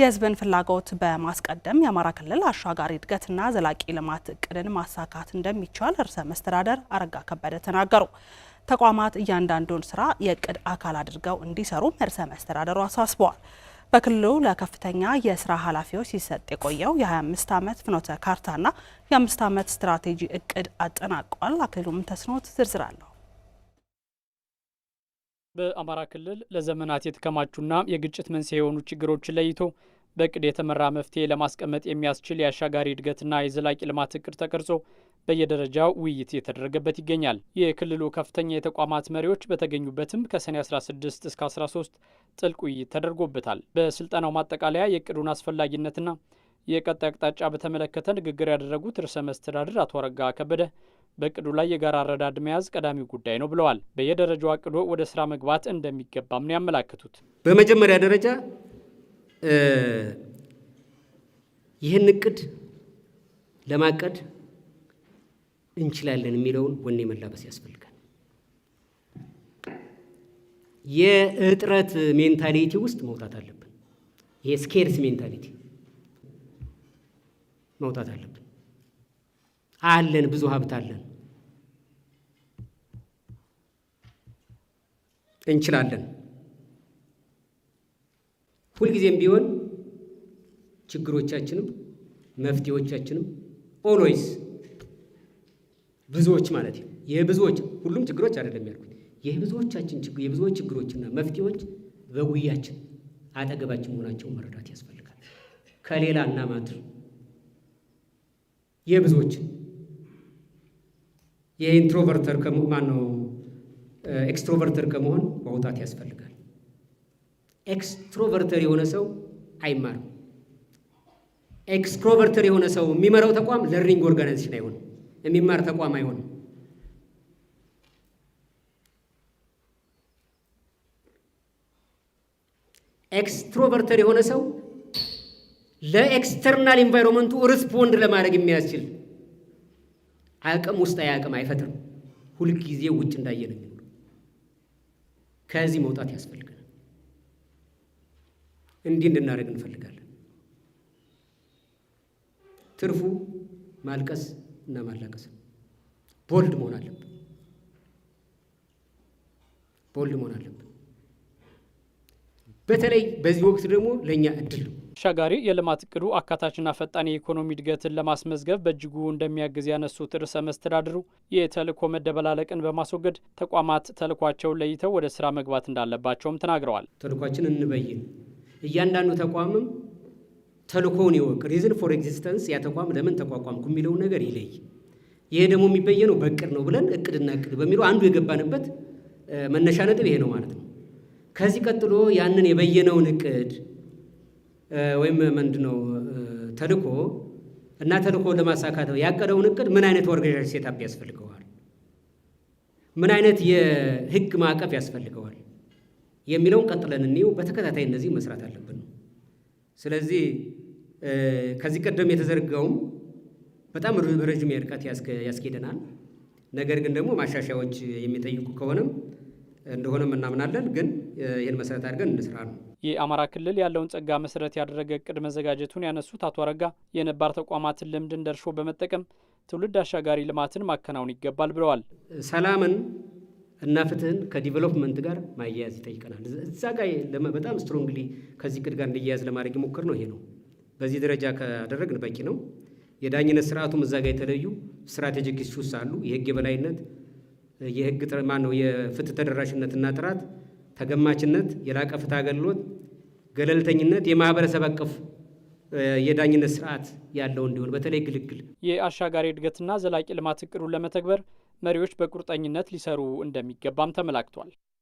የህዝብን ፍላጎት በማስቀደም የአማራ ክልል አሻጋሪ እድገትና ዘላቂ ልማት እቅድን ማሳካት እንደሚቻል ርዕሰ መስተዳደር አረጋ ከበደ ተናገሩ። ተቋማት እያንዳንዱን ስራ የእቅድ አካል አድርገው እንዲሰሩም ርዕሰ መስተዳደሩ አሳስበዋል። በክልሉ ለከፍተኛ የስራ ኃላፊዎች ሲሰጥ የቆየው የ25 ዓመት ፍኖተ ካርታና የ5 ዓመት ስትራቴጂ እቅድ አጠናቋል። አክሊሉም ተስኖት ዝርዝር አለው በአማራ ክልል ለዘመናት የተከማቹና የግጭት መንስኤ የሆኑ ችግሮችን ለይቶ በቅድ የተመራ መፍትሄ ለማስቀመጥ የሚያስችል የአሻጋሪ እድገትና የዘላቂ ልማት እቅድ ተቀርጾ በየደረጃው ውይይት የተደረገበት ይገኛል። የክልሉ ከፍተኛ የተቋማት መሪዎች በተገኙበትም ከሰኔ 16 እስከ 13 ጥልቅ ውይይት ተደርጎበታል። በስልጠናው ማጠቃለያ የእቅዱን አስፈላጊነትና የቀጣይ አቅጣጫ በተመለከተ ንግግር ያደረጉት ርዕሰ መስተዳድር አቶ አረጋ ከበደ በእቅዱ ላይ የጋራ አረዳድ መያዝ ቀዳሚው ጉዳይ ነው ብለዋል። በየደረጃው አቅዶ ወደ ስራ መግባት እንደሚገባም ነው ያመላከቱት። በመጀመሪያ ደረጃ ይህን እቅድ ለማቀድ እንችላለን የሚለውን ወኔ መላበስ ያስፈልጋል። የእጥረት ሜንታሊቲ ውስጥ መውጣት አለብን። የስኬርስ ሜንታሊቲ መውጣት አለብን። አለን፣ ብዙ ሀብት አለን፣ እንችላለን። ሁልጊዜም ቢሆን ችግሮቻችንም መፍትሄዎቻችንም ኦልዌይስ ብዙዎች ማለት ነው። የብዙዎች ሁሉም ችግሮች አይደለም ያልኩት፣ የብዙዎቻችን የብዙዎች ችግሮችና መፍትሄዎች በጉያችን አጠገባችን መሆናቸውን መረዳት ያስፈልጋል። ከሌላ እና ማትር የብዙዎችን የኢንትሮቨርተር ማን ነው ኤክስትሮቨርተር ከመሆን ማውጣት ያስፈልጋል። ኤክስትሮቨርተር የሆነ ሰው አይማርም። ኤክስትሮቨርተር የሆነ ሰው የሚመራው ተቋም ለርኒንግ ኦርጋናይዜሽን አይሆን፣ የሚማር ተቋም አይሆንም። ኤክስትሮቨርተር የሆነ ሰው ለኤክስተርናል ኢንቫይሮንመንቱ ሪስፖንድ ለማድረግ የሚያስችል አቅም ውስጣዊ አቅም አይፈጥርም። ሁልጊዜ ውጭ ነው የሚኖር ከዚህ መውጣት ያስፈልገናል። እንዲህ እንድናደርግ እንፈልጋለን። ትርፉ ማልቀስ እና ማላቀስ ነው። ቦልድ መሆን አለብን። ቦልድ መሆን አለብን። በተለይ በዚህ ወቅት ደግሞ ለእኛ እድል ነው። ሻጋሪ የልማት እቅዱ አካታችና ፈጣን የኢኮኖሚ እድገትን ለማስመዝገብ በእጅጉ እንደሚያግዝ ያነሱት ርዕሰ መስተዳድሩ የተልእኮ መደበላለቅን በማስወገድ ተቋማት ተልኳቸውን ለይተው ወደ ስራ መግባት እንዳለባቸውም ተናግረዋል። ተልኳችን እንበይን፣ እያንዳንዱ ተቋምም ተልኮውን ይወቅ፣ ሪዝን ፎር ኤግዚስተንስ ያ ተቋም ለምን ተቋቋምኩ የሚለውን ነገር ይለይ። ይሄ ደግሞ የሚበየነው በእቅድ ነው ብለን እቅድና እቅድ በሚለው አንዱ የገባንበት መነሻ ነጥብ ይሄ ነው ማለት ነው። ከዚህ ቀጥሎ ያንን የበየነውን እቅድ ወይም ምንድን ነው ተልኮ እና ተልኮ ለማሳካት ያቀደውን እቅድ ምን አይነት ኦርጋናይዜሽን ሴታፕ ያስፈልገዋል? ምን አይነት የህግ ማዕቀፍ ያስፈልገዋል? የሚለውን ቀጥለን እንየው። በተከታታይ እነዚህ መስራት አለብን። ስለዚህ ከዚህ ቀደም የተዘረጋውም በጣም ረዥም የርቀት ያስኬደናል። ነገር ግን ደግሞ ማሻሻያዎች የሚጠይቁ ከሆነም እንደሆነም እናምናለን ግን ይህን መሰረት አድርገን እንስራ ነው። የአማራ ክልል ያለውን ጸጋ መሰረት ያደረገ እቅድ መዘጋጀቱን ያነሱት አቶ አረጋ የነባር ተቋማትን ልምድ እንደ እርሾ በመጠቀም ትውልድ አሻጋሪ ልማትን ማከናወን ይገባል ብለዋል። ሰላምን እና ፍትህን ከዲቨሎፕመንት ጋር ማያያዝ ይጠይቀናል። እዛ ጋር በጣም ስትሮንግሊ ከዚህ እቅድ ጋር እንዲያያዝ ለማድረግ የሞከር ነው ይሄ ነው። በዚህ ደረጃ ካደረግን በቂ ነው። የዳኝነት ስርዓቱም እዛ ጋር የተለዩ ስትራቴጂክ ኢሹስ አሉ። የህግ የበላይነት፣ የህግ ማን ነው፣ የፍትህ ተደራሽነትና ጥራት ተገማችነት፣ የላቀ ፍትህ አገልግሎት፣ ገለልተኝነት፣ የማህበረሰብ አቀፍ የዳኝነት ስርዓት ያለው እንዲሆን በተለይ ግልግል የአሻጋሪ እድገትና ዘላቂ ልማት እቅዱን ለመተግበር መሪዎች በቁርጠኝነት ሊሰሩ እንደሚገባም ተመላክቷል።